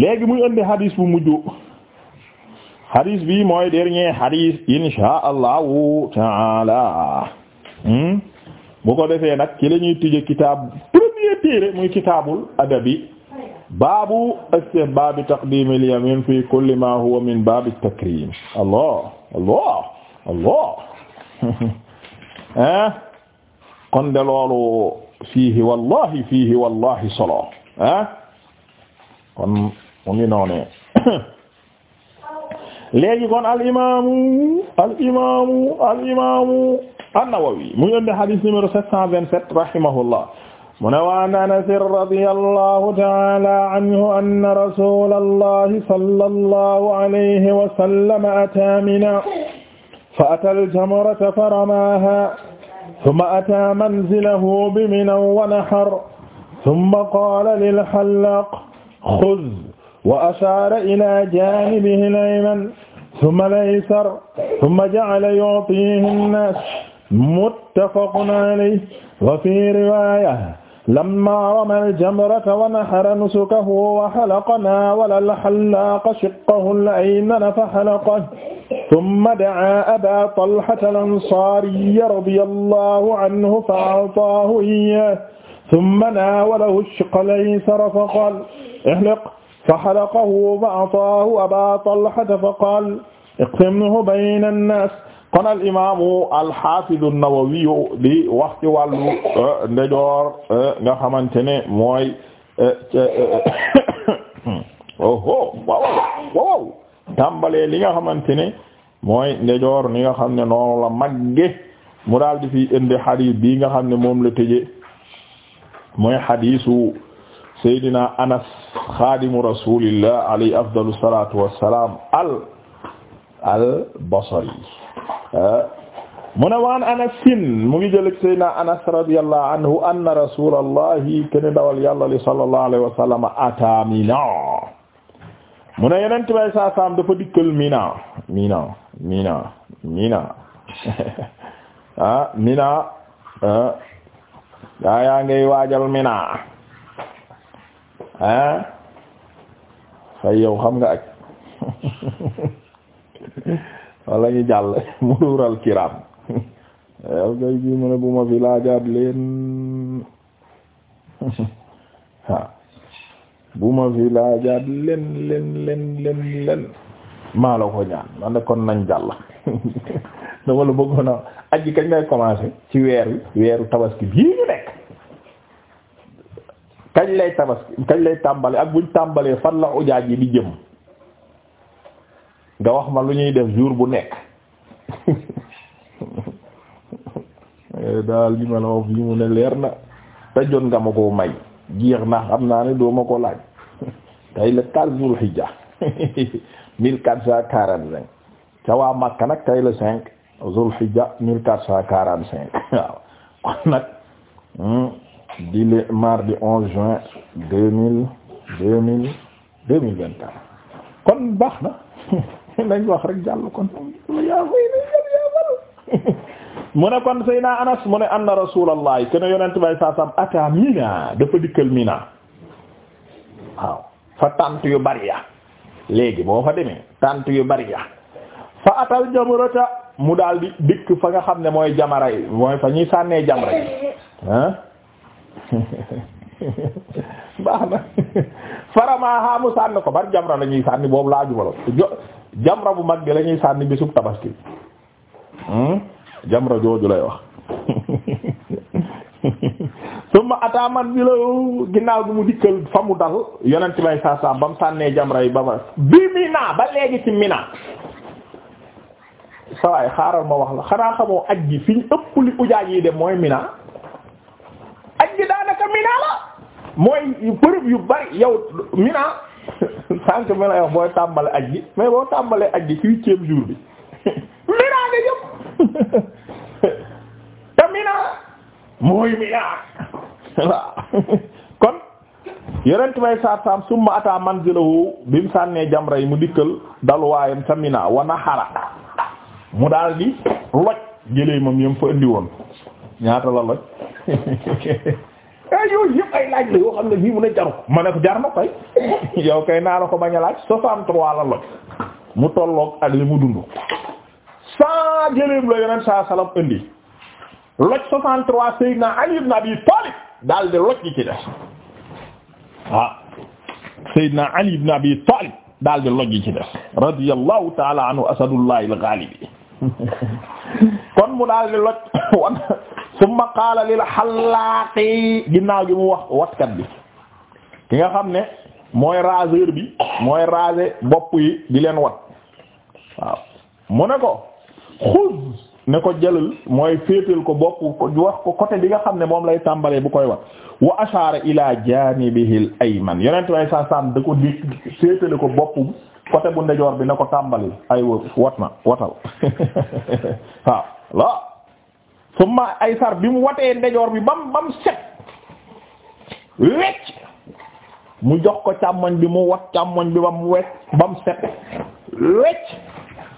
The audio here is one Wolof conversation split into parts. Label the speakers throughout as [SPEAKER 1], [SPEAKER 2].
[SPEAKER 1] léegi muy indi hadis bu mujj hadis bi mooy dernier hadis insha allahu taala hmm? bu ko defee nag ci la ñuy tijje kitaab premier téere muy kitaabul adabi baabu istihbaabi taqdim al yamin fi kulli ma huwa min baabi takrim allah allah allah ah kon loolu fiihi wallahi fiihi wallahi solo eh? mu ngi noonee léegi kon al imaamu al imaamu al imaamu an-Nawawi mu indi hadith numéro 727 rahimahullah mu ne waan Anas radiyallahu ta'ala anhu anna rasulallahi sallallahu alayhi wa sallam ataa Mina fa atal jamrata faramaaha thumma ataa manzilahu bi Mina wa nahar thumma qaala lil hallaaq khudh wa ashaara ilaa jaanibihi al-ayman thumma al-aysar thumma ja'ala yu'tiihi an-naas muttafaqun alayhi wa fii riwaaya lammaa ramaa al-jamrata wa nahara nusukahu wa halaqa naawala al-hallaaqa shiqqahu al-aymana fa halaqahu thumma da'aa abaa talhata al-ansaariyya radiyallaahu anhu fa a'taahu iyyaahu thumma naawalahu ash-shaqqa al-aysara fa qaala ihliq فحلقه فأعطاه أبا طلحة فقال اقسمه بين الناس kon al imaamu alxaafidu nawawiyu di wax ci wàllu euh, ndejoor euh, nga xamante ne mooy euh, oho oh, waaw waaw tàmbalee li nga xamante ne mooy ndejoor ni nga xam ne noonu la magge mu daal di fi indi xadiis bii nga xam ne moom la tëje mooy xadiisu Seydina Anas xaadimu rasulillah alayhi afdalu salatu wassalam al al basri mu ne waan anasin mu ngi jëlëg Seydina Anas radiyallahu anhu anna rasulallahi kene dawal yàlla li sallallahu alayhi wa sallam ata Mina mu ne yenent bay saa saam dafa dikkal Mina Mina Mina Mina ah Mina ah, gaa yaa ngay waajal Mina ah fay yow xam nga ak wala ñu jàll murural kiram yow kay bi mu ne bu ma fi laajaat leen ah bu ma fi laajaat ko ñaan man kon nañ jàll dama la bëggoon a aji kañ lay commencer ci weer wi weeru tabaski bii kañ lay tabaski kañ lay tàmbale ak buñ tàmbalee fan la ujaaj yi di jëm nga wax ma lu ñuy def jour bu nekk daal li ma mu ne leer na te jot nga ma koo may jeex na am naa ne doo ko laaj tey la quatre Dul Hijja mille quatre cent quarante cinq ca waa Makka nag tey la cinq Dul Hijja mille quatre cent quarante cinq waaw nag hmm. di le mardi 11 juin 2000 2000 2021 kon baax na lañ wax rek jàll kon yaa fay na jël yaa baru mu ne kon Seydina Anas mu ne anna Rasulullah kene yonent bay saasam ata Mina dafa dikkal Mina waaw fa tant yu bari ya léegi boo fa demee tant yu bari ya fa atal jamrata mu daal di dikk fa nga xam ne mooy jamara yi mooy fa ñuy sànnee jamra yi ah baax na faramaha mu sànni ko bar jamra la ñuy sànni boobu laa jubalo jo jamra bu mag bi la sànni bisub tabaski hmm? jamra jooju lay wax suma ataaman bi la ginnaaw bi mu dikkal fa mu dal yonent bay saa saa ba mu sànnee jamra yi ba ma bi Mina ba léegi ci Mina sawaay xaaral ma wax la xanaa xamoo aj gi fi ñu ëpp li ujaaj yi dem mooy Mina mina la mooy bërëb yu bari yow mina sànq mi lay booy tàmbale aj gi mais boo tàmbalee aj gi ci huitième jour bi mina nga jëm te mina mooy mina waaw kon yonent may saat saam summa ataa manzilahu bi mu sànnee jamra yi mu dikkal daluwaayam sa mina wa naxara mu daal di loj jëlee moom fa indi woon ñaata la loj ay eh, yooyu yëpp ay laaj la yoo xam ne fii mu ne jaru ma ne ko jar na koy yow kay naa la ko bañ a laaj soixante-trois la loj mu tolloog ak li mu dund saa gëléem la yonent saa salam indi loj soixante-trois Seydina Ali ibn Abi Talib daal di loj gi ci des waaw ah. Seydina ta'ala anhu asadullahi al-ghalib kon mu daal di loj wan summa qaala lil xallaaqi ginnaaw gi mu wax watkat bi ki nga xam ne mooy raseur bi mooy raser bopp yi di leen wat waaw mu ne ko xuz ne ko jëlal mooy féetal ko bopp ko wax ko côté bi nga xam ne moom lay tàmbalee bu koy wat wa ashara ila janibihil ayman yonent way sa sam da ko di féetale ko bopp côté bu ndejoor bi ne ko tàmbali ay wat na watal waaw ay aysar bi mu watee ndejoor bi bam bam set wecc mu jox ko càmmoñ bi mu wat càmmoñ bi bam wecc bam set wecc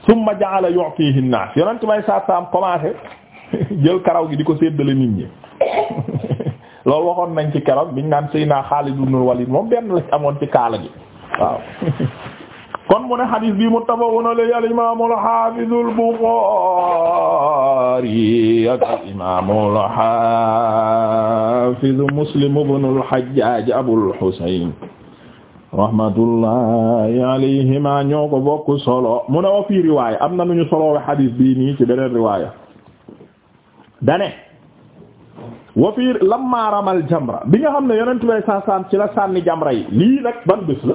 [SPEAKER 1] summa ja'ala yu'tihi an-nas yonent may sa am commencé jël karaw gi di ko séddale nit ñi loolu waxoon nañ ci keroog biñ naan Seydina Xaalid ibn Walid moom benn la amoon ci kaala gi waaw kon mu ne xadis bi muttafaqun alayhi al imam al hafiz al bukhari ak al imam al hafiz muslim ibn al hajjaj abu al husayn rahmatullahi alayhima ñoo ko bokk solo mu ne wa fii riwaaya am na nu ñu soloowe xadis bi nii ci beneen riwaaya dane wa fii lamma ramal jamra bi nga xam ne yonent bay saasan ci la sànni jamra yi lii nag ban bés la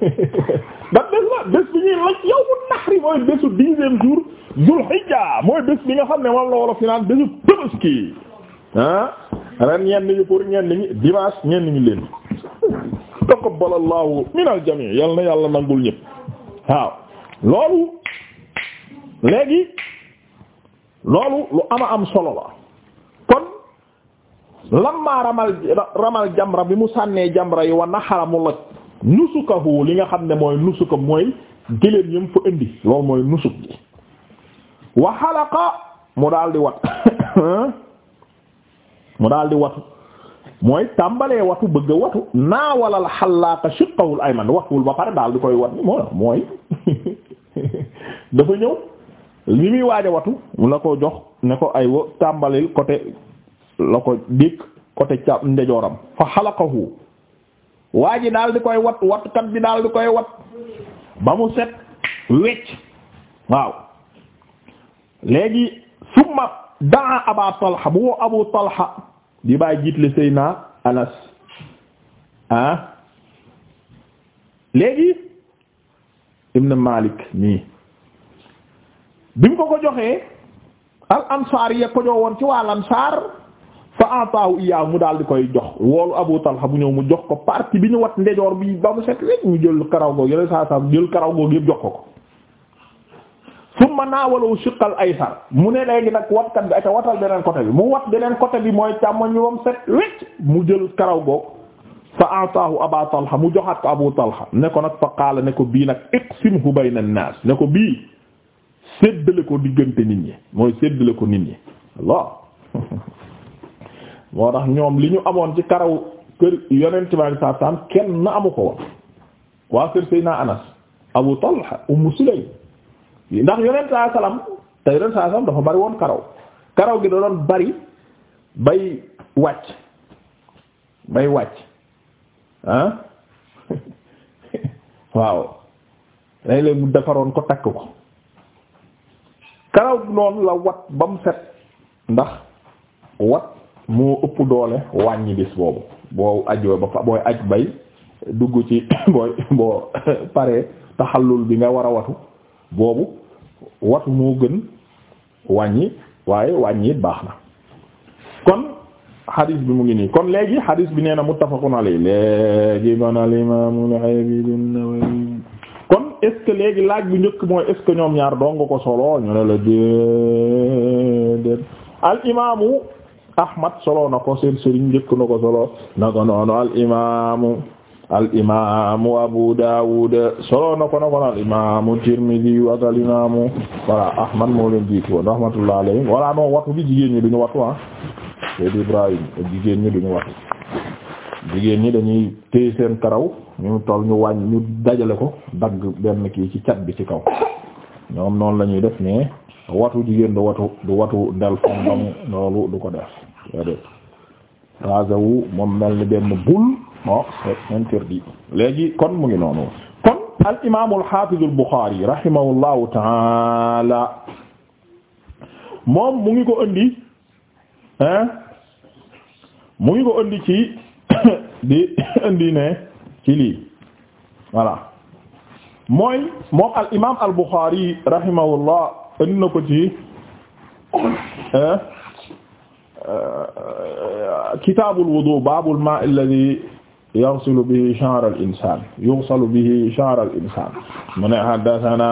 [SPEAKER 1] ndax bés la bés bi ñuy laaj yawmun nahri mooy bésu dixième jour Zul Hijja mooy bés bi nga xam ne moom la wolof yi naan bésu Tabaski ah ren ñenn ñi pour ñenn ñi dimanche ñenn ñi leen taqabbalallahu minal jami' yal na yàlla nangul ñëpp waaw loolu léegi loolu lu ama am solo la kon lamma ramal ramal jamra bi mu sànnee jamra yi wa naxara mu loj nusukahu li nga xam ne mooy nusuka mooy gëléem yam fa indi loolu mooy nusuk gi wa xalaqa mu daal di wat mu daal di watu mooy tàmbalee watu bëgg a watu naawalal xallaaqa shiqqahul ayman watuwul ba pare daal di koy wat moo mooy dafa ñëw li muy waaj watu mu la ko jox ne ko ay wa tàmbalil côté la ko dikk côté ca ndejooram fa xalaqahu waa ji daal di koy wat watkat bi daal di koy wat ba mu set wecc waaw léegi summa daa aba talha bu woo abu talha di bày jiitle sëy naa anas ah léegi ibn malik nii bi mu ko ko joxee al ansaar ya ko woon ci waa al ansaar fa ataahu iyaa mu daal di koy jox woolu Abu Talha bu ñëw mu jox ko partie bi ñu wat ndejoor bi ba mu set wecc mu jël karaw googu yële saa saa jël karaw googu yëpp jox ko ko summa naawalu shiqqal aysar mu ne léegi nag watkat bi ata watal beneen côté bi mu wat beneen côté bi mooy càmmoñ bi ba mu set wecc mu jël karaw googu fa ataahu Aba Talha mu joxaat ko Abu Talha ne ko nag fa qaala ne ko bii nag iqsimhu bayna an-naas ne ko bii séddale ko diggante nit ñi mooy séddale ko nit ñi moo tax ñoom li ñu amoon ci karaw kër yonent bi saa saam kenn na amu ko woon waa kër Seydina Anas Abu Talha Ummu Sulaym ndax yonent saa te yonent saa dafa bari woon karaw karaw gi da doon bari bay wàcc bay wàcc ah waaw day leen mu defaroon ko takk ko karaw noonu la wat ba mu set ndax wat moo ëpp doole wàññi bis boobu boo ajoo ba booy aj bay dugg ci booy boo paree taxallul bi nga war a watu boobu watu moo gën wàññi waaye wàññi baax na kon xadis bi mu ngi nii kon léegi xadis bi nee na muttafaqun alayhi léegi kon al imaam al Habib an-Nawawi kon est léegi laaj bi njëkk mooy est ce que ñoom ñaar dong ko solo ñu ne la déedéet al imaamu Ahmad solo na ko seen sëriñ njëkk na ko solo na ko noonu al imaamu al imaamu Abu Dawud solo na ko na ko al imaamu Tirmidhi ak imaamu voilà Ahmad moo leen jiitu woon rahmatullah alayhi voilà non watu bi jigéen ñi du watu ah Seydou jigéen ñi duñu watu jigéen ñi dañuy téye seen karaw ñu tol ñu wàññ ñu dajale ko dagg benn kii ci cat bi ci kaw ñoom noonu la ñuy def mais watu jigéen du watu du watu ndel fam loolu du ko def rasawu moom mel ni benn boule non interdit léegi kon mu ngi noonu kon al imaamu al xaafizu al Buxaari rahimahullahu taala moom mu ngi ko indi hein mu ngi ko ëndi ci di indi ne ci lii voilà mooy moom al imaam al Buxaari rahimahullah indi ko ci hein kitaabul wudu baabul maa alladhi yaghsilu bihi sha'r al insaan yughsalu bihi sha'r al insaan mu ne haddathana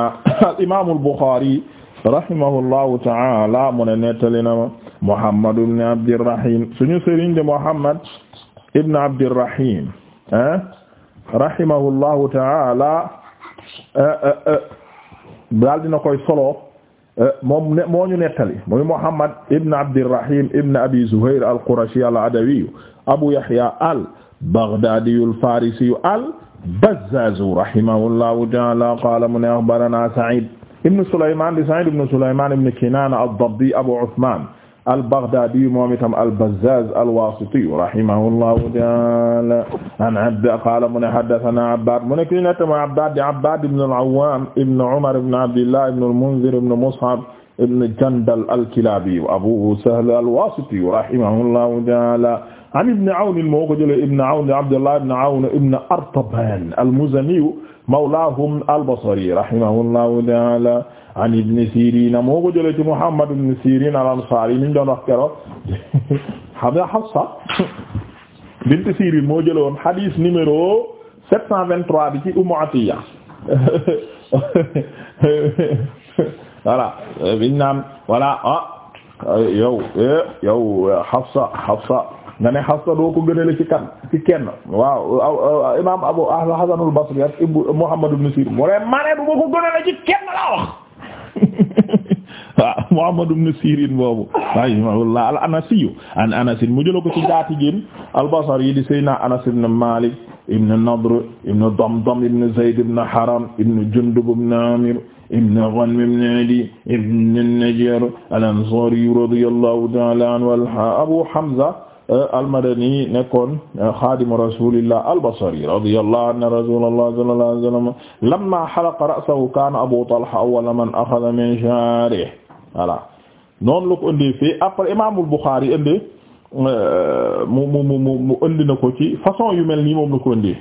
[SPEAKER 1] al imaam al Bukhari rahimahullahu ta'ala mu ne nettali na ma Muhammad ibn Abdirrahim suñu sëriñ de Muhammad ibn Abdirrahim ah, rahimahullahu ta'ala eh, eh, eh, daal dina koy solo moom ne moo ñu nettali muy Muhammad ibn Abdirrahim ibn Abi Zuhayr al-Qurashi al-Adawi Abu Yahya al-Baghdadi al-Farisi al-Bazzaz rahimahullahu ta'ala qala mu ne akhbarana Sa'id ibn Sulayman di Sa'id ibn Sulayman ibn Kinana ad-Dabbi Abu Uthman al-Baghdadi moom itam al-Bazzaz al-Wasiti rahimahullahu ta'ala an Abd qala mu ne haddathana Abbad mu ne kii nag tamit Abbad di Abbad ibn al-Awwam ibn Umar ibn Abdillah ibn al-Munzir ibn Mus'ab ibn Jandal al-Kilabi Abu Sahl al-Wasiti rahimahullahu ta'ala an Ibn Awn moo ko jëlee Ibn Awn Abdullah ibn Awn ibn Artaban al-Muzani mawlaahum al-Basri rahimahullahu ta'ala an Ibn Sirin moo ko jëlee ci Muhammad ibn Sirin al-Ansari mi ñu doon wax keroog xam nga Hafsa bint Sirin moo jëlee woon hadith numéro 723 bi ci Ummu Atiya voilà biñ naan voilà ah yow eh, yow Hafsa Hafsa nga ne Hafsa doo ko gënale ci kan ci kenn waaw imaam Abu Hasan al-Basri ak Ibnu Muhammad ibn Sirin mu ne ma ne du ma ko gënale ci kenn laa wax waaw Muhammad ibn Sirin boobu rahimahullah al-Anasiyu an Anas mu jëla ko ci njaatigéem al-Basri di Seydina Anas ibn Malik ibn Nadr ibn Damdam ibn Zayd ibn Haram ibn Jundub ibn Amir ibn Ghanm ibn Adi ibn an-Najjar al-Ansari radiyallahu ta'ala anhu Abu Hamza almadani nekkoon euh, xaadimu rasulillah albasri radiyallahu anna rasulullah sallallahu alayhi wa sallam lamma halaqa ra'sahu kaana abu talha awwala man akhadha min sha'rihi voilà noonu la ko indi fii après imaamul Buxaari indi euh, mu mu mu mu indi na ko ci façon yu mel nii moom la ko indi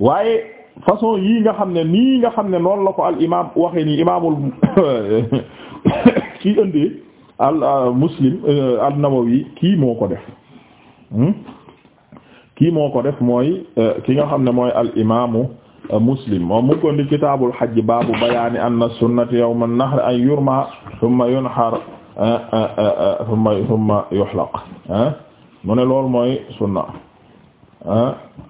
[SPEAKER 1] waaye façon yii nga xam ne nii nga xam ne noonu la ko al imaam waxee nii imaamul kii indi al euh, muslim al nawawi kii moo ko def. Hmm? kii moo ko def mooy euh, ki nga xam ne mooy al imaamu euh, muslim moom mu ko ndi kitaabul hajj baabu bayaani anna sunnata yawma an-nahr an yurma thumma yunhar euh, thumma thumma yuhlaq mu ne loolu mooy sunna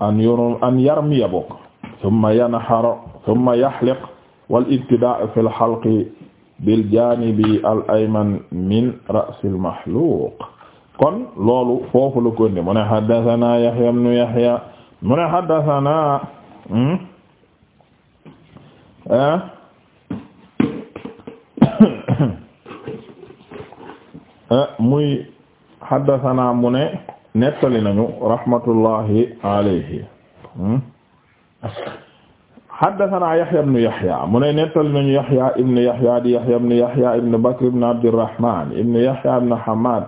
[SPEAKER 1] an yur an yarmiya bokk thumma yanhar thumma yahliq wal ibtidaa' fil halqi bil jaanibi al ayman min ra'sil mahluq kon loolu foofu la ko indi mu ne haddathana Yahya ibn Yahya mu ne haddathana hmm? eh? Eh, muy haddathana mu ne nettali nañu rahmatullahi alayhi hmm? haddathana Yahya ibn Yahya mu ne nettali nañu Yahya ibn Yahya di Yahya ibn Yahya ibn Bakr ibn Abdirrahman ibn Yahya ibn Hamad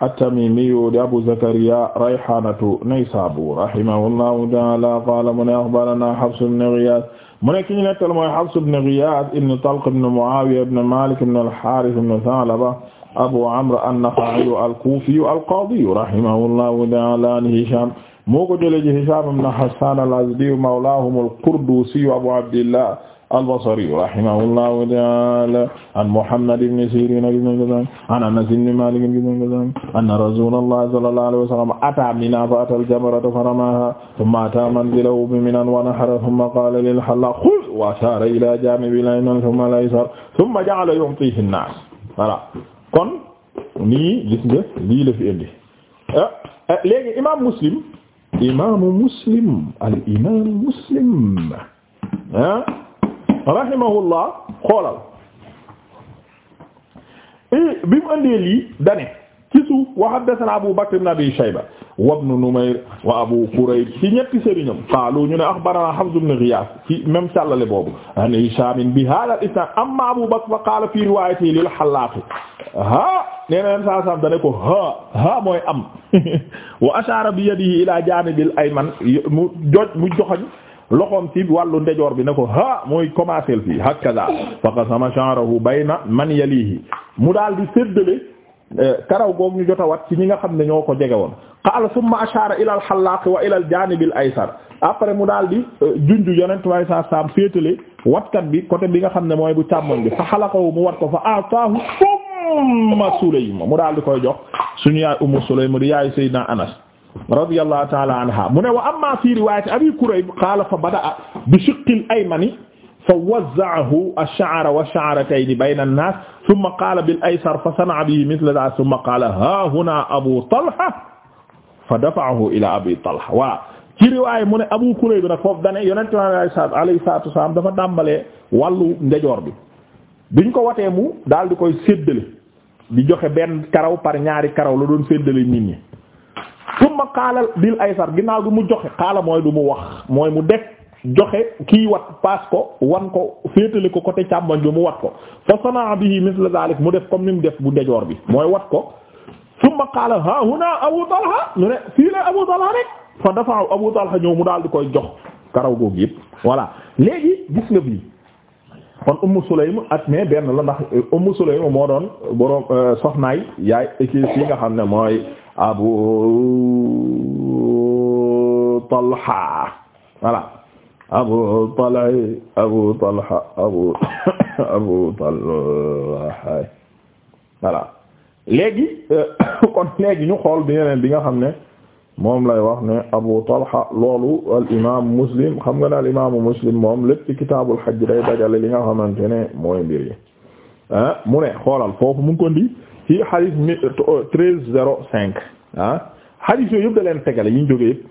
[SPEAKER 1] at-Tamimiyu di Abu Zakariya Rayhanatu Naysabur rahimahullahu ta'ala qala mu ne akhbarana Hafs ibn Ghiyath mu ne ki ñu nekkal mooy Hafs ibn Ghiyath ibn Talq ibn Muawiya ibn Malik ibn al-Harith ibn Tha'laba Abu Amr an-Nakha'iyu al-Kufiyu al-Qadiyu rahimahullahu ta'ala an Hisham moo ko jëlee ci Hisham ibn Hassan al-Azdiyu mawlahum al-Qurdusiyu Abu Abdillah al-Basri rahimahullahu ta'ala an Muhammad ibn Sirin an Anas ibn Malik anna Rasulullah sallallahu alayhi wa sallam ata Mina fa ata al-jamrata faramaha thumma ata manzilahu bi Minan wa nahara thumma qala lil-hallaq khudh wa ashara ila janibihi al-ayman thumma al-aysar thumma ja'ala yu'tihi an-nas voilà kon nii gis nga lii la fi indi eh, eh, léegi imaam Muslim imaamu Muslim al-imaam Muslim ah rahimahullah xoolal bi mu andee lii dane ci suuf wa haddathana Abu Bakr ibn Abi Shayba wa ibn Numayr wa Abu Kurayb ci ñetti sëriñam qaalu ñu ne akhbarana Hafs ibn Ghiyath ci même càllale boobu an Hisham bi hadha al-isnad amma Abu Bakr fa qala fi riwayatihi lil Hallaq ha nee na leen saa saam dane ko ha ha mooy am wa ashara bi yadihi ila janibil ayman mu jox mu joxoñ loxoom ci wàllu ndejoor bi ne ko ha mooy commencer fii hakaza faqasama sha'rahu bayna man yalihi mu daal di séddale eh, karaw goog ñu jot wat ci ñi nga xam ne ñoo ko jege woon qaala summa ashara ila al hallaq wa ila al janib al aysar après mu daal di eh, junju yonent way sa sam féetale watkat bi côté bi nga xam ne mooy bu càmmoñ bi fa xalaqahu mu wat ko fa ataahu umma sulaym mu daal di koy jox suñu yaay ummu sulaym di yaay sayyidina anas radiyallahu ta'ala anha mu ne wa amma fi riwayati abi kurayb qala fa bada'a bi shiqqil aymani fa wazza'ahu ash-sha'ra wa ash-sha'ratayni bayna an-nas thumma qala bil aysar fa sana'a bihi mithla dhalika thumma qala ha huna abu talha fa dafa'ahu ila abi talha wa ci riwaay mu ne abu kurayb nag foofu dane yonente alayhi salaatu wasalaam dafa dàmbalee wàllu ndejoor bi biñ ko watee mu daal di koy séddale di joxe benn karaw par ñaari karaw la doon séddale nit ñi summa qaala ay aysar ginnaaw bi mu joxe qaala mooy du mu wax mooy mu def joxe kii wat paas ko wan ko féetale ko côté càmmoñ bi mu wat ko fa sanaa bihi misla zalik mu def comme ni mu def bu ndejoor bi mooy wat ko summa qaala ha huna abu talha ñu ne fii la abu talha rek fa dafa abu talha ñëw mu daal di koy jox karaw googu yëpp voilà léegi gis nga bii kon Ummu Sulaym at mais benn la ndax Ummu Sulaym moo doon borom euh, soxnaay yaay kii nga xam ne mooy Abu Talha voilà Abu Talha Abu Talha Abu Abu euh, kon léegi ñu xool bi yeneen bi nga xam ne moom lay wax ne Abu Talha loolu al imaamu Muslim xam nga ne al imaamu Muslim moom lépp ci kitaabul hajj day dajale li nga xamante ne mooy mbir yi ah, mu ne xoolal foofu mu ko di ci xadis mi treize zéro cinq ah xadis yooyu yëpp da leen tegale yi ñu jógee yëpp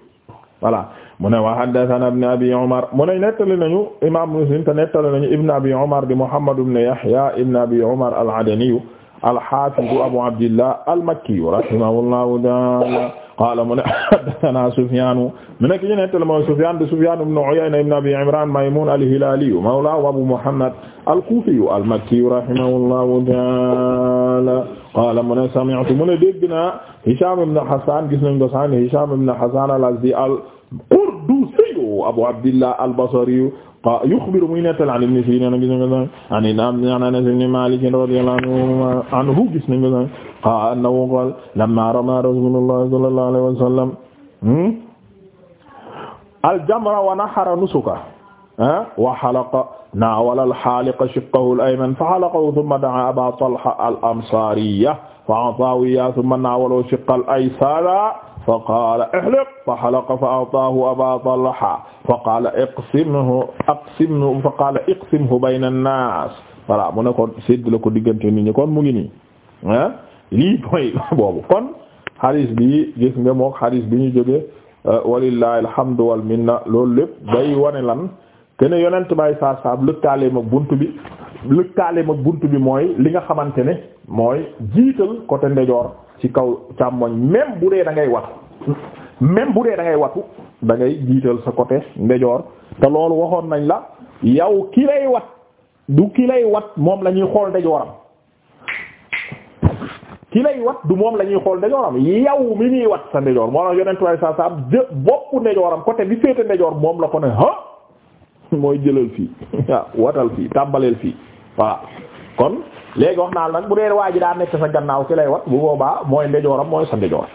[SPEAKER 1] voilà mu ne wa haddathana ibn abi umar mu ne nettali nañu imam muslim te nettali nañu ibn abi umar di muhammad ibn yahya ibn abi umar al-adani al-hafiz abu abdillah al-makki rahimahullahu ta'ala qaala mu ne haddathana Sufyaan mu nekk ñu nettali mooy Sufyaan de Sufyaan ibn Uyayna ibn Abi Imraan Maymuun al-Hilaaliyu mawlaahu Abu Muhammad al-Kuufiyu al-Makkiyu rahimahullahu ta'aala qaala mu ne sami'tu mu ne dégg naa Hishaam ibn Hasaan gis nañ ko sànq Hishaam ibn Hasaan al-Azdi al-Qurdusiyu Abu Abdillah al-Basriyu yuxbiru muy nettali an ibn Siriin gis nañ ko sànq an Anas ibn Maalik radiyallahu anhu gis nañ ko sànq qaala annahu qaala lammaa ramaa rasuulullahi sallallahu alayhi wa sallam hmm? aljamra wa nahara nusuka wa halaqa naawala alhaaliqa shiqqahu al-ayman fa halaqahu thumma da'aa abaa talha al-ansaariyya fa a'taahu iyyaahu thumma naawalahu shaqqa al-aysara fa qaala ihliq fa halaqa fa a'taahu abaa talha fa qaala iqsimhu aqsimhu fa qaala iqsimhu bayna an-naas voilà mu ne kon séddale ko diggante nit ñi kon mu ngi nii lii mooy boobu kon xadis bi gis nga mook xadis bi ñu jóge uh, walillahi alhamdu wal minna loolu lépp day wane lan kene yonent bay saa saab lëkkaaleem ak bunt bi lëkkaaleem ak bunt bi mooy li nga xamante ne mooy jiital côté ndejoor ci kaw càmmoñ même bu dee da ngay watu même bu dee da watu da ngay jiital sa côté ndejoor te loolu waxoon nañ la yow ki lay wat du ki lay wat moom la ñuy xool ndejooram ki lay wat du moom la ñuy xool ndejooram yow mi ñuy wat sa ndejoor moo tax yonent way sa sam jë bopp ndejooram côté bi féete ndejoor moom la ko ne ha mooy jëlal fii waaw watal fii tàmbaleel fii voilà kon léegi wax naa nag bu dee waa ji daa nekk sa gannaaw ki lay wat bu boobaa mooy ndejooram mooy sa ndejoor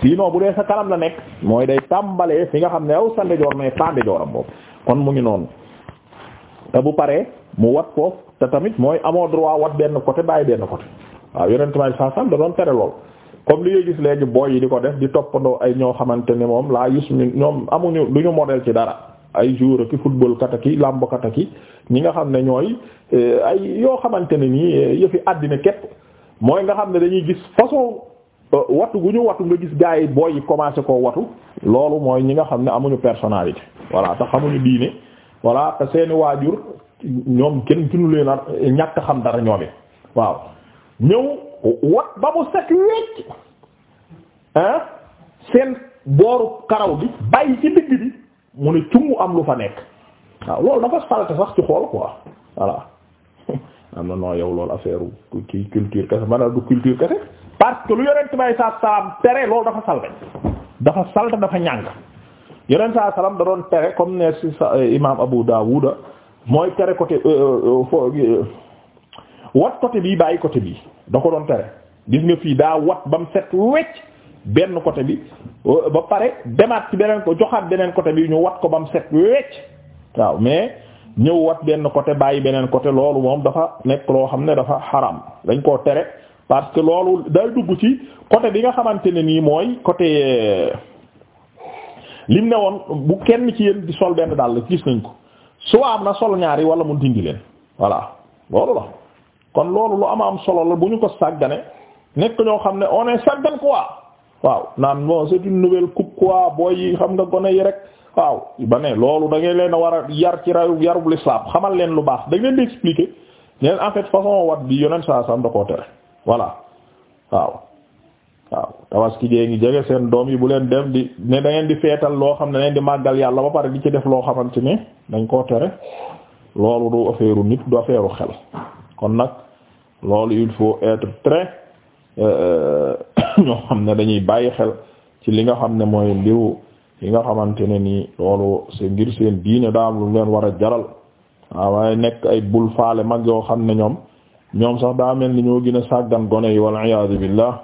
[SPEAKER 1] fii sinon bu dee sa kanam la nekk mooy day tàmbalee fi nga xam ne yow sa ndejoor mais pas ndejooram boobu kon mu ngi noonu te bu paree mu wat foofu te tamit mooy amoo droit wat benn côté bàyyi benn côté waaw yeneen may saa sam da doon tere lool comme li ngay gis léegi boy yi di ko def di toppandoo ay ñoo xamante ni moom laa yus mi ñoom amuñu du ñu modèle ci dara ay joueur ki football kataki lambo kataki ñi nga xam ne ñooy eh, ay yoo xamante ne nii eh, yëfi àddina képp mooy nga xam ne dañuy gis façon eh, watu gu ñu watu nga gis gaa yi boy yi commencé koo watu loolu mooy ñi nga xam ne amuñu personnalité voilà te xamuñu diine voilà te seeni waajur ñoom kenn gënu leen a xam dara waaw. ñëw wat ba mu set wecc seen booru karaw bi bàyyi ci digg bi mu ne cummu am lu fa nekk waaw loolu dafa salte sax ci xool quoi voilà am na noo yow loolu affaire kii culture kese man du culture kese parce que lu yonent bay saa salaam tere loolu dafa salte dafa salte dafa ñàng yonent saa salaam da doon tere comme ne ci sa eh, imaam Abu Daawuda mooy tere côté euh, euh, euh, wat côté bii bàyyi côté bii da ko doon tere gis nga fii daa wat ba mu set wecc benn côté bi euh, ba pare demaat ci beneen ko joxaat beneen côté bii ñu wat ko ba mu set wecc waaw mais ñëw wat benn côté bàyyi beneen côté loolu moom dafa nekk loo xam ne dafa xaram dañ koo tere parce que loolu day dugg ci côté bi nga xamante ne nii mooy côté euh, lim ne woon bu kenn ci yéen sol benn daal gis nañ ko soo am na sol ñaari wala mu dindi leen voilà loolu la. kon loolu lu ama am solo la bu ñu ko sàggane nekk ñoo xam ne on est sàggan quoi waaw naan bon c'est une nouvelle coupe quoi booy yi xam nga gone yi rek waaw ba ne loolu da leen a war a yar ci raw yarub l'islam xamal leen lu baax da ngeen di expliquer bi yonent saa sam da koo tere voilà waaw waaw tabaski jee ngi jege seen doom yi bu leen dem di ne da ngeen di feetal loo xam ne da di màggal yàlla ba pare di ci def loo xamante ni dañ koo tere loolu du affaire nit du affaire xel kon nag loolu il faut être très euh, ñoo xam ne dañuy bàyyi xel ci li nga xam ne mooy mbiru yi nga xamante ne nii loolu seen ngir seen diine daam lu leen war a jaral waaw waaye nekk ay bul faale mag yoo xam ne ñoom ñoom sax daa mel ni ñoo gën a sàggan gone yi wal iyaadu billah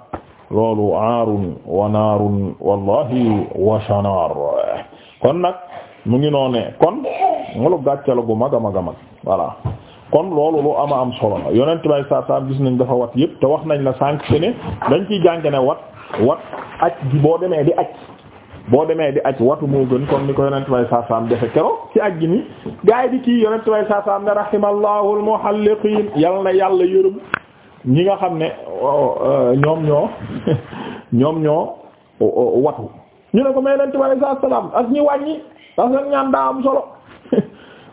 [SPEAKER 1] loolu aarun wa naarun wallahi wa shanaar kon nag mu ngi noonee kon molu gàccala gu mag a mag a mag voilà kon loolu lu ama am solo la yonent bay saa saa gis nañ dafa wat yëpp te wax nañ la sànq te ne dañ ciy jàng ne wat wat aj boo demee di aj boo demee di aj watu moo gën kon ni ko yonent bay saa saa defe keroog ci aj gi ni gaay di kii yonent bay saa saa ne rahimallahu al muhalliqin yal na yàlla yërëm ñi nga xam ne ñoom ñoo ñoom ñoo watu ñu ne ko may yonent bay salaam ak ñi wàññi parce que ñaan daa am solo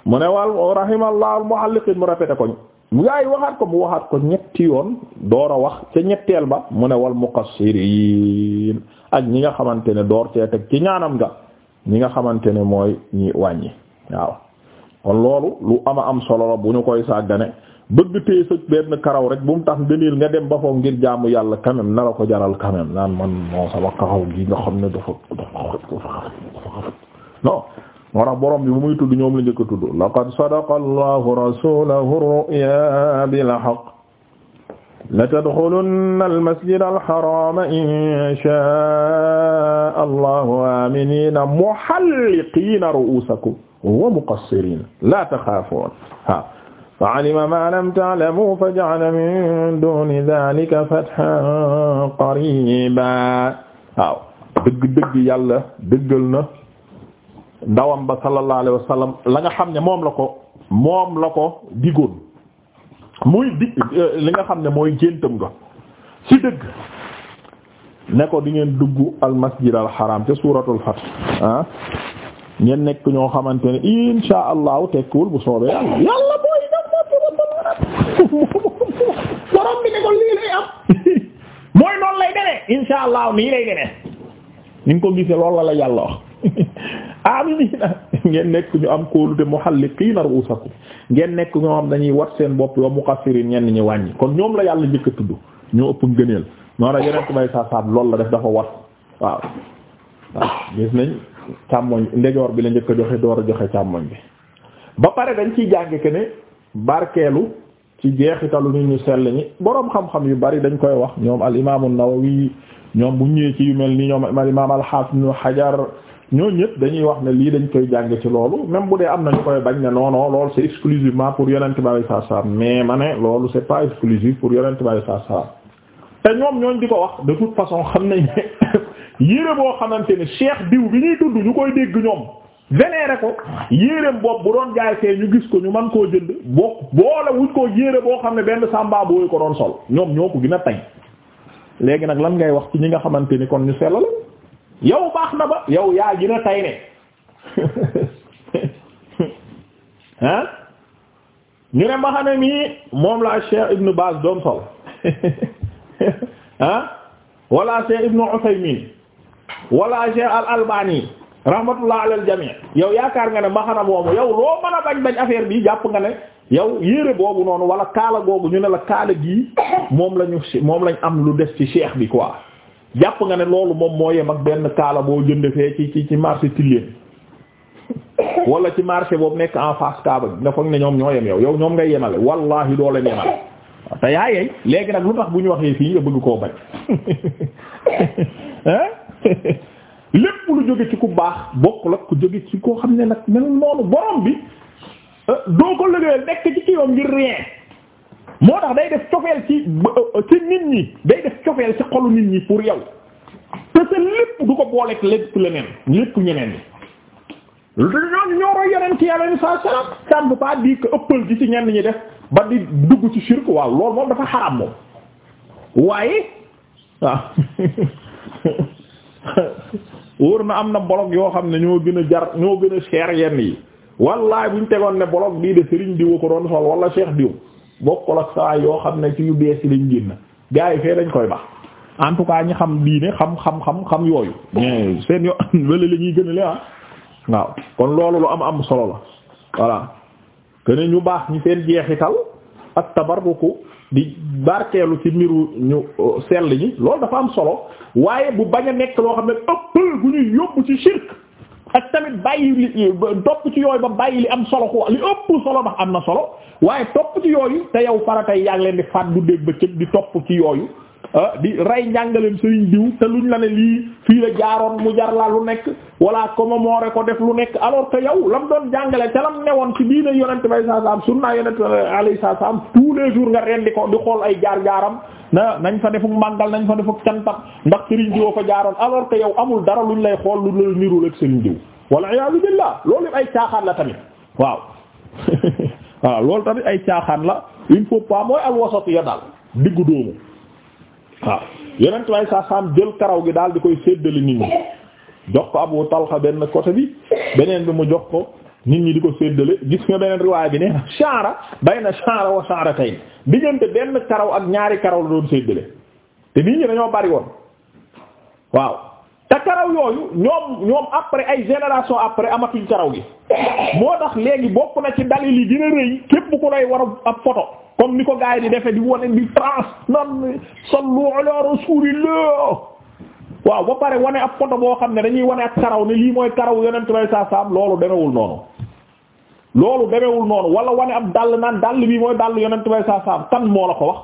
[SPEAKER 1] mu ne wal rahimallah al mualliqin mu répété ko mu gaa yi waxaat ko mu waxaat ko ñetti yoon door a wax ca ñetteel ba mu ne wal muqassirin ak ñi nga xamante ne door cee teg ci ñaanam nga ñi nga xamante ne mooy ñi wàññi waaw kon loolu lu ama am sololo bu ñu koy sàggane bëgg téye sa benn karaw rek bu mu tax ndëniil nga dem ba foog ngir jaamu yàlla quand même na la ko jaral quand même naan man moo sama karaw gi nga xam ne dafa dafa xarit dafa moo tax borom bi mu muy tudd ñoom la njëkk a tudd laqad sadaqa allahu rasulahu ru'ya bil haqq la tadxulunna almasjida alxarama insha allahu aminina muhalliqiina ru'uusakum wa muqassiriina la taxaafuun fa alima ma lam ta'lamu fa ja'ala min duni dhalika fathan qariba waaw dëgg dëgg yàlla dëggal na ndawam ba sallallahu alayhi wa la nga xam ne moom la ko moom la ko digoon muy dig li nga xam ne mooy géntam nga ci dëgg ne ko di ngeen dugg al masjid te suuratul fath ah? ngeen nekk ñoo xamante ne insha allahu bu soobee yàlla ko lii lay mooy noonu lay demee insha nii lay demee ni nga ko gisee loolu la la yàlla wax aminiina ngeen nekk ñu am mu kóolute muhalliqiina ru'usakum ngeen nekk ñoo xam dañuy wat seen bopp wa muqassirin ñenn ñi wàññi kon ñoom la yàlla njëkk a tudd ñoo ëpp ngëneel noonu la yeneen bay saa loolu la def dafa wat waaw waaw gis nañ càmmoñ ndejoor bi la njëkk a joxe door a joxe càmmoñ bi ba pare dañ ciy jàng ke ne barkeelu ci jeexitalu nit ñu sell ñi boroom xam-xam yu bari dañ koy wax ñoom al imaamu Nawawi ñoom bu ñëwee ci yu mel ni ñoom al imaam al-Hafiz ñooñu ñëpp dañuy wax ne lii dañ koy jàng ci loolu même bu dee am na ñu koy bañ ne non non loolu c'est exclusivement pour yonent bi saa saa mais ma ne loolu c'est pas exclusif pour yonent bi saa saa te ñoom ñooñ di ko wax de toute façon xam nañ ne yére boo xamante ne cheikh diw bi ñuy tudd ñu koy dégg ñoom vénéré ko yéreem boobu bu doon jaay fee ñu gis ko ñu man koo jënd boo boole wuñ ko yére boo xam ne benn sàmba booy ko doon sol ñoom ñoo ko gën a tey léegi nag lan ngay wax ñi nga xamante ni kon ñu sellal yow baax na ba yow yaa gina a tay ñu ne mbaxane mii moom la Cheikh Ibn Baz doon sol ah wala Cheikh Ibn Uthaymin wala Cheikh Al Albani rahmatullah alal jami yow yaakaar nga ne mbaxana moomu yow loo mën a bañ bañ affaire bii jàpp nga ne yow yére boobu noonu wala kaala googu ñu ne la kaala gii moom lañu moom lañ am lu des ci cheikh bi quoi jàpp nga ne loolu moom moo yem ak benn kaala boo jënd fee ci ci ci tilleen wala ci marché boobu nekk en face kaaba bi nga foog ne ñoom ñoo yem yow yow ñoom ngay yemale wallahi doo leen yemale te yaa yeey léegi nag lu tax bu ñu waxee fii nga bëgg koo bañ lépp lu jóge ci ku baax bokk ak ku jóge ci koo xam ne nag mel noonu borom bi euh, doo ko liggéeyal nekk ci ki yoom ngir rien moo tax day def cofeel ci ci nit ñi day def cofeel ci xolu nit ñi pour yow te sa lépp du ko booleek lépp leneen lépp ñeneen ñi. ñooñu ñoo roy yeneen ci yàlla ni saa ko ça ne veut pas dire ëppal gi ci ñenn ñi def ba di dugg ci shirk waaw loolu moom dafa xaraam moom waaye waaw wóor na am na bolog yoo xam ne ñoo gën a jar ñoo gën a cher yenn yi wallaay bu ñu tegoon ne bolog bii de Serigne diw ko doon sol wala Cheikh diw. bokkul ak saa yoo xam ne ci yu bees yi lañ génn gars yi fee dañ koy baax en tout cas ñi xam ne xam xam xam xam yooyu seen yoo wala la ñuy gënale ah waaw kon loolu lu am am solo la voilà que ne ñu baax ñi seen jeexital ak ko di barkeelu ci mbiru ñu euh, sell ñi loolu dafa am solo waaye bu bañ a nekk loo xam ne ëppal ñuy yóbbu ci shirk ak tamit bàyyi li topp ci yooyu ba bàyyi li am solo ko li ëpp solo ndax am na solo waaye topp ci yooyu te yow faratay yaa ngi leen di faat bu dégg ba cëg di topp ci yooyu ah, di rey njàngaleem sëriñ diw te luñ la ne lii fii la jaaroon mu jar la lu nekk walla commémorer ko def lu nekk alors que yow lam doon jàngale ca lam newoon ci diine yonent bay saa saam sunna yonent alayhi saa saam tous les jours nga rendi ko di xool ay jaar jaaram na nañ fa defuk màggal nañ fa defuk cantam ndax sëriñ diwoo fa jaaroon alors que yow amul dara luñ lay xool lu lay niru rek sëriñ diw walla iyaazu billaah loolu ay caaxaan la tamit waaw loolu tamit ay caaxaan la il faut pas mooy al ya daal diggu dóomu waaw yeneen way sa saam jël karaw gi daal di koy séddale nit ñi jox ko Abu Talha benn côté bi beneen bi mu jox ko nit ñi di ko séddale gis nga beneen riwaay bi nee na sha'ra bayna sha'ra wa sha'ratayn diggante benn karaw ak ñaari karaw la doon séddale te nit ñi dañoo bari woon waaw te karaw yooyu ñoom ñoom après ay génération après amatuñ karaw gi moo tax léegi bokk na ci dalil yi dina rëy képp ku ay war a ab photo comme ni ko gaay di defe di wone di trans nan sallu ala rasulillah waaw ba pare wane ab photo boo xam ne dañuy wane ak karaw ne lii mooy karaw yonent bay saa saam loolu demewul noonu loolu demewul noonu wala wane ab dàll naan dàll bii mooy dàll yonent bay saa saam kan moo la ko wax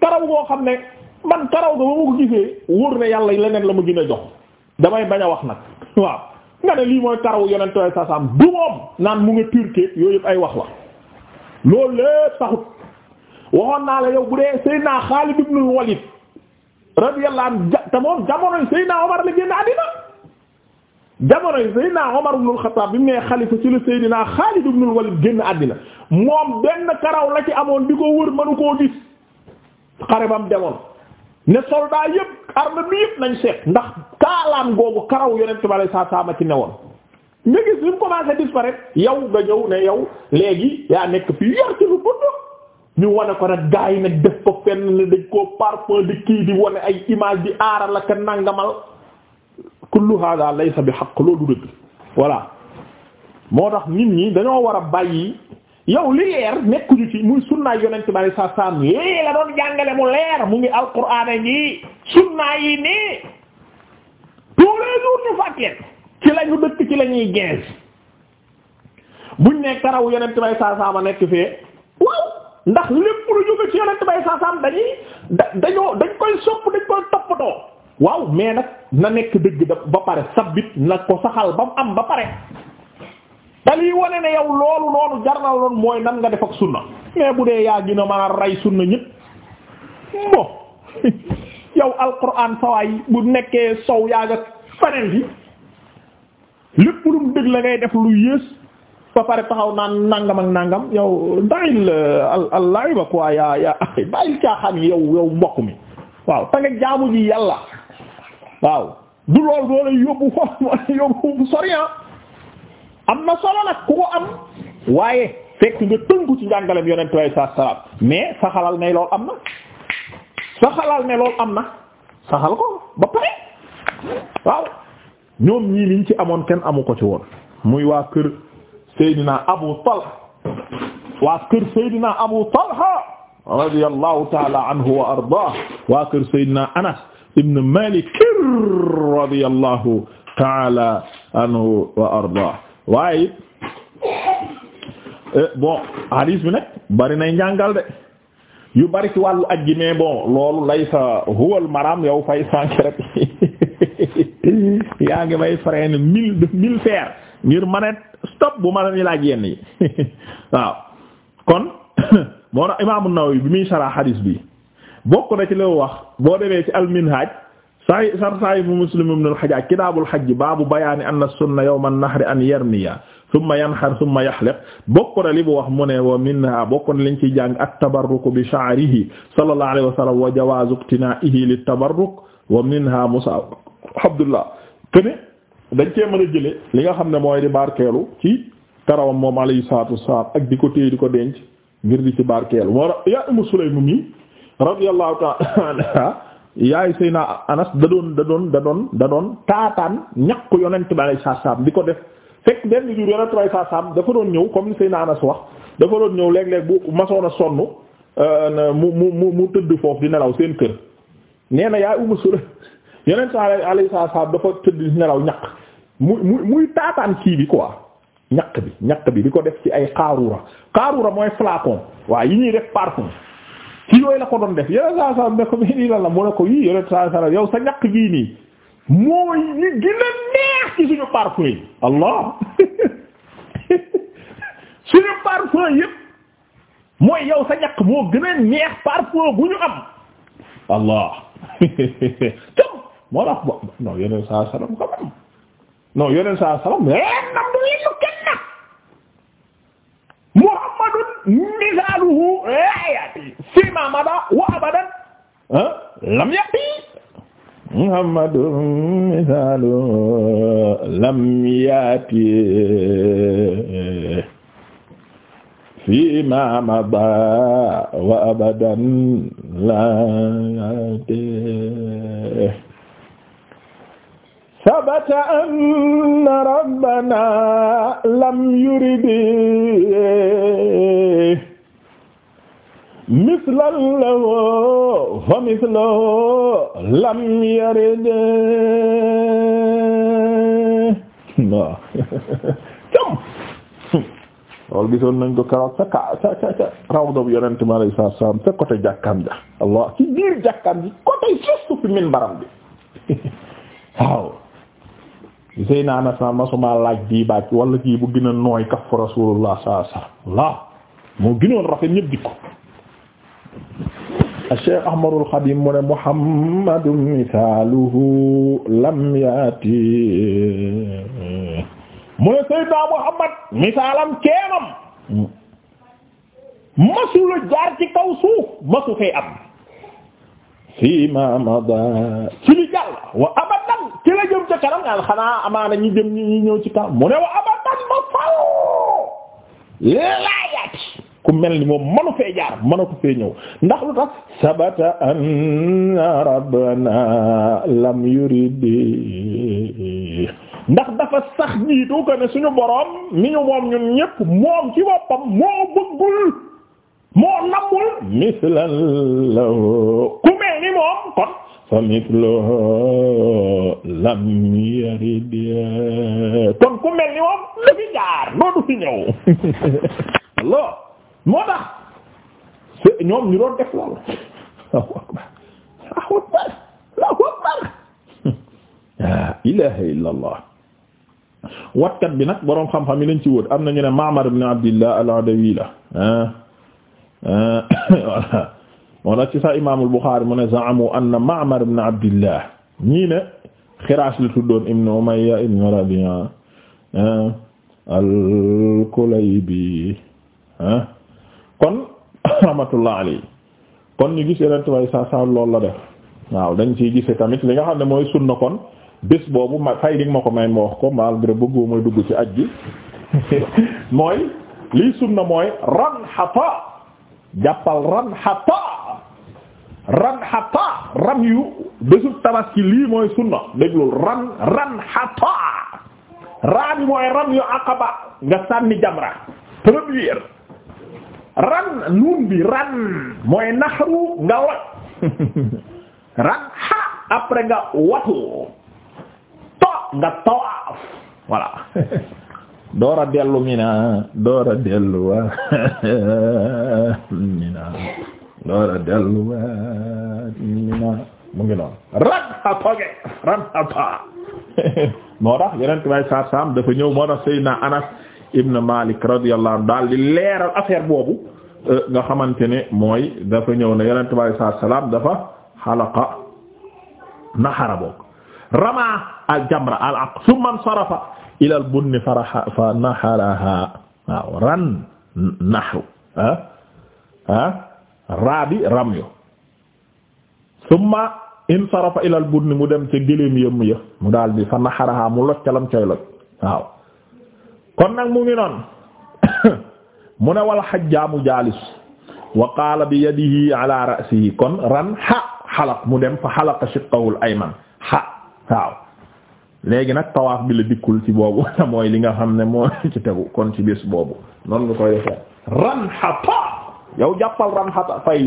[SPEAKER 1] karaw goo xam ne man karaw ga ba ma ko gisee wóor ne yàlla leneen la ma gën a jox damay bañ a wax nag waaw nga ne lii mooy karaw yonent bay saa du moom naan mu nga turquie yooyu yëpp ay wax la loolu lépp saxut waxoon naa la yow bu dee Seydina Xaalid ibn radiyallahu anhu te moom jamonoy Seydina Omar la génn àddina jamonoy Seydina Omar ibn al-Khattab bi mu nee xalifa ci la Seydina Xaalid ibn al-Walid génn àddina moom benn karaw la ci amoon di ko wër mënu koo gis xare bam demoon ne soldat yëpp arme bi yëpp nañ seet ndax kaalaam googu karaw yonent bi alayhi salaatu salaam ci newoon nga gis bi mu commencé disparaître yow nga ñëw ne yow léegi yaa nekk fii yar ci lu gudd ñu wane ko nag gars yi nag def ko fenn ne dañ koo parfum di kii di wane ay image di aaral ak nangamal kullu hada laysa bi haqq loolu du dëgg voilà moo tax nit ñi dañoo war a bàyyi yow li leer nekkuñu ci muy sunnaay yonent bi sallallahu alayhi la doon jàngale mu leer mu ngi alquran a ngi sunna yi nii tous les jours ñu fàtteel ci la dëkk ci la ñuy gens ne karaw yonent bi sallallahu nekk fee ndax lépp lu jóge ci yonent bay saasaam dañuy da dañoo dañ koy sopp dañ koy toppatoo waaw mais nag na nekk dëgg da ba pare sabbit na ko saxal ba mu am ba pare te lii wane ne yow loolu noonu jar na loon mooy nan nga def ak sunna mais bu dee yaa gina mën a rey sunna ñëpp bon yow alquran sawaay bu nekkee sow yaa nga feneen bi lépp lu mu ngay def lu yées ba pare taxaw naan nangam ak nangam yow dayil euh, al allah ba quoi yaa yaa bàyyil caaxaan yi yow yow mbokk mi waaw ta jaamu ji yàlla waaw du lool doole yóbbu yóbbu sorian ah. am na solo nag ku ko am waaye fekk nga tënku ci njàngalem yonent sa salaam mais saxalal ne lool am na saxalal ne lool am na saxal ko ba pare waaw ñoom ñii liñ ci amoon kenn amu ko ci woon muy waa kër Seydina Abu Talha waa kër Seydina Abu Talha radiyallahu ta'ala anhu wa ardaah waa kër Seydina Anas ibn Malik radiyallahu ta'ala anhu wa ardaah waaye eh, bon hadis bi nag bari nay njàngal de yu bari ci wàllu ajji mais bon loolu laysa huwal maram yow fay sànq rek yaa ngi may freine mille mille fer ngir manet stop bu ma la laaj yenn yi waaw kon moo tax Imaam An-Nawawi bi muy sarah hadis bi bokk na ci la wax boo demee ci al-Minhaj sax sax bu Muslim ibn al-Hajjaj kitaabul hajj baabu bayaani anna sunna yawma an-nahri an yarmiya thumma yanhar thumma yahliq bokk na li bu wax mu ne wa minha bokk na liñ ciy jàng at-tabarruk bi sha'rihi sallallahu alayhi wa sallam wa jawaazu iqtinaa'ihi lit-tabarruk wa minha Musa Abdullah dañ cee mën a jële li nga xam ne mooy di barkeelu ci karawam moom alayhi salaatu wassalaam ak di ko téye di ko denc ngir di ci barkeelu moo yaa Umm Sulaym mi radiyallahu ta'ala yaay Seyna Anas da doon da doon doon da doon taataan ñaq yonent bi alayhi salaatu wassalaam di ko def fekk benn jour yonent bi alayhi dafa doon ñëw comme ni Seyna Anas wax dafa doon ñëw léeg-léeg bu masoon a sonn euh, mu mu mu mu tëdd foofu di nelaw seen kër nee na yaay Umm Sulaym yonent bi alayhi salaatu dafa tëdd nelaw ñaq muy muy taataan kii bi quoi ñaq bi ñaq bi di ko def ci ay xaaruura xaaruura mooy flacon waaw yi ñuy def parfum ci yooyu la ko doon def yeneen saa saa ne ko mii nii la la sa ñaq gii nii mooy li a neex ci suñu parfum yi allah suñu parfum yépp mooy yow sa ñaq moo gën neex parfum bu ñu am allah moo tax non yeneen saa saa la mu ko am. non yoneen saa salaam mais nam du leen lu kenn nag Muhammadun misaaluhu laa yati fiima mada wa abadan ah, lam yati Muhammadun misaaluhu lam yati fiima mada wa abadan laa yati sabata anna rabbana lam yuridi mislan lahu fa mislahu lam yaridi waaw cam loolu gisoon nañ ko karoot sa ka sa ca ca rawda bu yonente mi alayi saatu salam sa côté ja allah ci biir jàkkaam ji côté juste fi minbaram bi waaw Seyna Anas na masuma laaj bii bàcc wala kii bu nooy kaf rasulullah sallallahu alayhi wasallam la moo rafet ñëpp di ko Cheikh Ahmadul Xadim mu ne Muhammadun misaaluhu lam yaati mu ne Seydina Muhammad misaalam keemam masula jaar ci masu fee fii ma mada ci li jàll wa abadan ci la jëm ca kanam daal xanaa amaana ñi jëm ñi ñëw ci kanam mu ne wa abadan ba faw laayaati ku mel ni moom manu fee jaar manatu fee ñëw ndax lu tax sabata anna rabbana lam yuridi ndax dafa sax jiitu ko ne suñu boroom mi ñu moom ñun ñépp moom ci boppam moo bëggul moo nammul mislan lahu ku mel ni moom kon fa mithluhu lam yarid kon ku mel ni moom du fi jaar doo du fi ñëw alors moo tax ñoom ñu doon def loolu Allahu akbar Allahu akbar Allahu akbar la ilaha illa Allah watkat bi nag boroom xam-xam yi lañ ci wër am na ñu ne Ma'mar na Abdillah al-Adawi la ah. Euh, moo tax ci sa imaamul Buxaari mu ne za'amu anna Ma'mar ibn Abdillah ñii ne Xiraas la tuddoon ibn Umayya ibn Rabi'a al-Kulaybi kon rahmatullah alayhi kon ñu gis yeneen tubaab yi saa la def waaw dañ ciy gise tamit li nga xam ne mooy sunna kon bés boobu ma fay dig ma ko may ma wax ko malgré mooy dugg ci aj gi mooy lii sunna mooy ran xata jàppal ran xataa ran xataa ram yu bésu tabaski lii mooy sunna déglul ran ran xataa raa bi mooy ram yu aqaba nga sànni jamra première ran nuun bi ran mooy naxaru nga wat ran xa après nga watu to nga tawaaf voilà door a dellu Mina door a dellu waa door a dellu waa mu ngi noonu ran a poge ran moo tax yeneen may sar sam dafa ñëw moo tax Seydina Anas ibn Malik radiyallahu daal di leeral affaire boobu euh, nga xamante ne mooy dafa ñëw ne yeneen may sar salam dafa xalaqa naxara rama al jamra al aq summa sarafa ilal bunni faraha fa naharaha waaw ran nahru ah ah raabi ramyu summa insarafa ilal bunni mu dem ca gëléem yëm ya mu daal di fa naharaha mu loccalam cay loj waaw kon nag mu ngi noon mu ne wal xajjaamu jaalis wa qaala bi yadihi ala ra'sihi kon ran ha xalaq mu dem fa xalaqa shiqqahu al ayman ha waaw léegi nag tawaaf bi la dikkul ci boobu te li nga xam ne moo ci tegu kon ci bis boobu noonu nga koy defee ranxata yow jàppal ranxata fay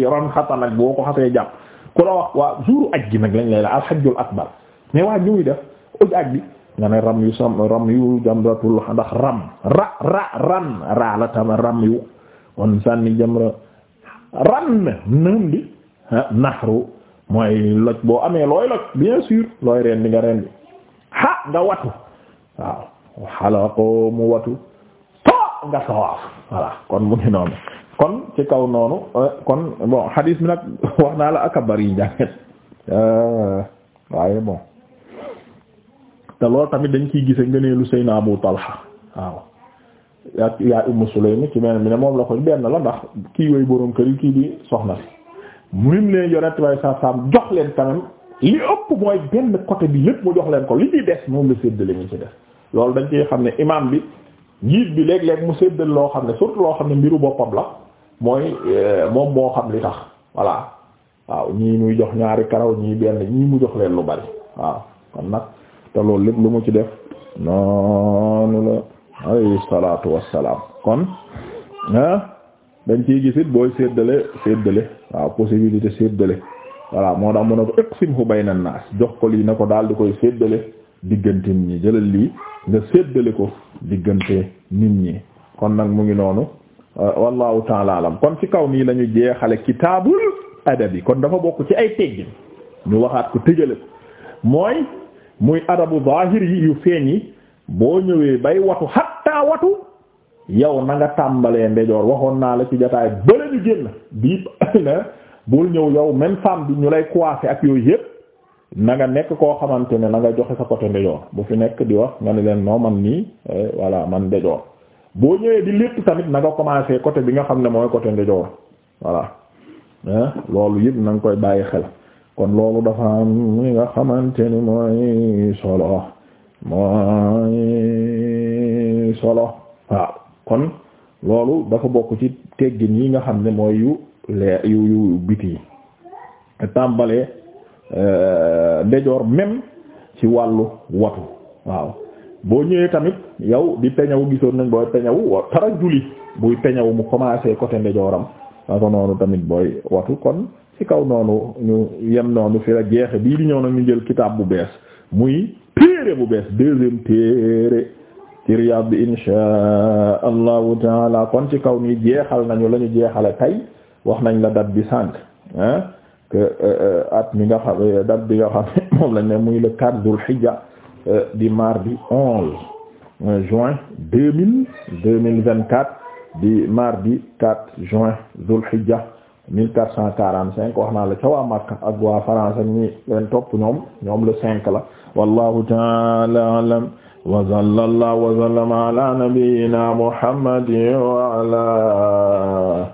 [SPEAKER 1] nag boo ko xasee jàpp ku la wax waa jouru aj gi nag lañ lay la alxajjul akbar mais waa ñuy def uj aj bi nga ne ram yu sam ram yu jamratul ndax ram ra ra ran ra la tam ram yu kon sànni jamra ran nën bi naxru mooy loj boo amee looy loj bien sûr looy reen di reen bi ha nga watu waaw xalaqo mu watu to nga tawaaf voilà kon mu ngi noonu kon ci kaw noonu euh, kon bon hadis bi nag wax naa la aka bari njànget euh, waaye bon te loolu tamit dañ ciy gise ngëneelu Seyna Abu Talha waaw yaa yaa Ummu Sulaym ci mel mi ne moom la ko benn la ndax kii woy boroom kër kii di soxna si munim leen yonent bay sa sam jox leen tamit li ëpp mooy benn côté bi lépp mu jox leen ko li ci des moom la séddale ñu ci des loolu dañ ciy xam ne imam bi njiit bi léeg-léeg mu séddal loo xam ne surtout loo xam ne mbiru boppam la mooy euh, moom moo xam li tax voilà waaw ñii muy jox ñaari karaw ñii benn ñii mu jox leen lu bari waaw kon nag te loolu lépp lu mu ci def noonu la alayhi salaatu wassalaam kon ah dañ ciy gisit booy séddale séddale waaw possibilité séddale voilà moo tax mu ne ko iqsimhu bayna naas jox ko lii na ko daal di koy séddale diggante nit ñi jëlal lii nga séddale ko diggante nit ñi kon nag mu ngi noonu euh, wallahu taala kon ci kaw nii lañu jeexale kitaabul adabi kon dafa bokk ci ay teggin ñu waxaat ko tëjale ko mooy muy adabu zahir yi yu feeñ yi boo ñëwee bay watu hatta watu yow na nga tàmbalee ndejoor waxoon naa la ci jotaay bële ñu génn bii na bul ñëw yow même femme bi ñu lay coiffer ak yooyu yëpp na nga nekk koo xamante ne na nga joxe sa côté ndejoor bu fi nekk di wax nga ne leen non man nii eh, voilà man ndejoor boo ñëwee di lépp tamit na nga commencer côté bi nga xam ne mooy côté ndejoor voilà loolu yëpp na nga koy bàyyi xel kon loolu dafa am nga xamante ni mooy solo mooy solo waaw kon loolu dafa bokk ci teggin yi nga xam ne mooy yu lee yu yu biti tàmbalee euh, ndejoor même ci wàllu watu waaw boo ñëwee tamit yow bi peñawu gisoon nañ booy peñawu wa tara buy peñawu mu commencé côté ndejooram ako noonu tamit booy watu kon ci kaw noonu ñu yem noonu fi la jeexe bii di ñëw nag ñu jël kitaab bu bees muy téere bu bees deuxième téere ci Riyad bi insha allahu taala kon ci kaw nii jeexal nañu lañu ñu jeexale tay wax nañ la date bi sànq ah at mi nga xam euh, date bi nga xam moom lañ ne muy le 4 Dhul Hijja di mardi 11 juin 2000 2024 di mardi 4 juin Dhul Hijja 1445 wax naa la ca waa Makka ak France ñi topp ñoom ñoom le 5 la wallahu ta'ala a'lam wa sallallahu wa ala nabiyyina Muhammadin wa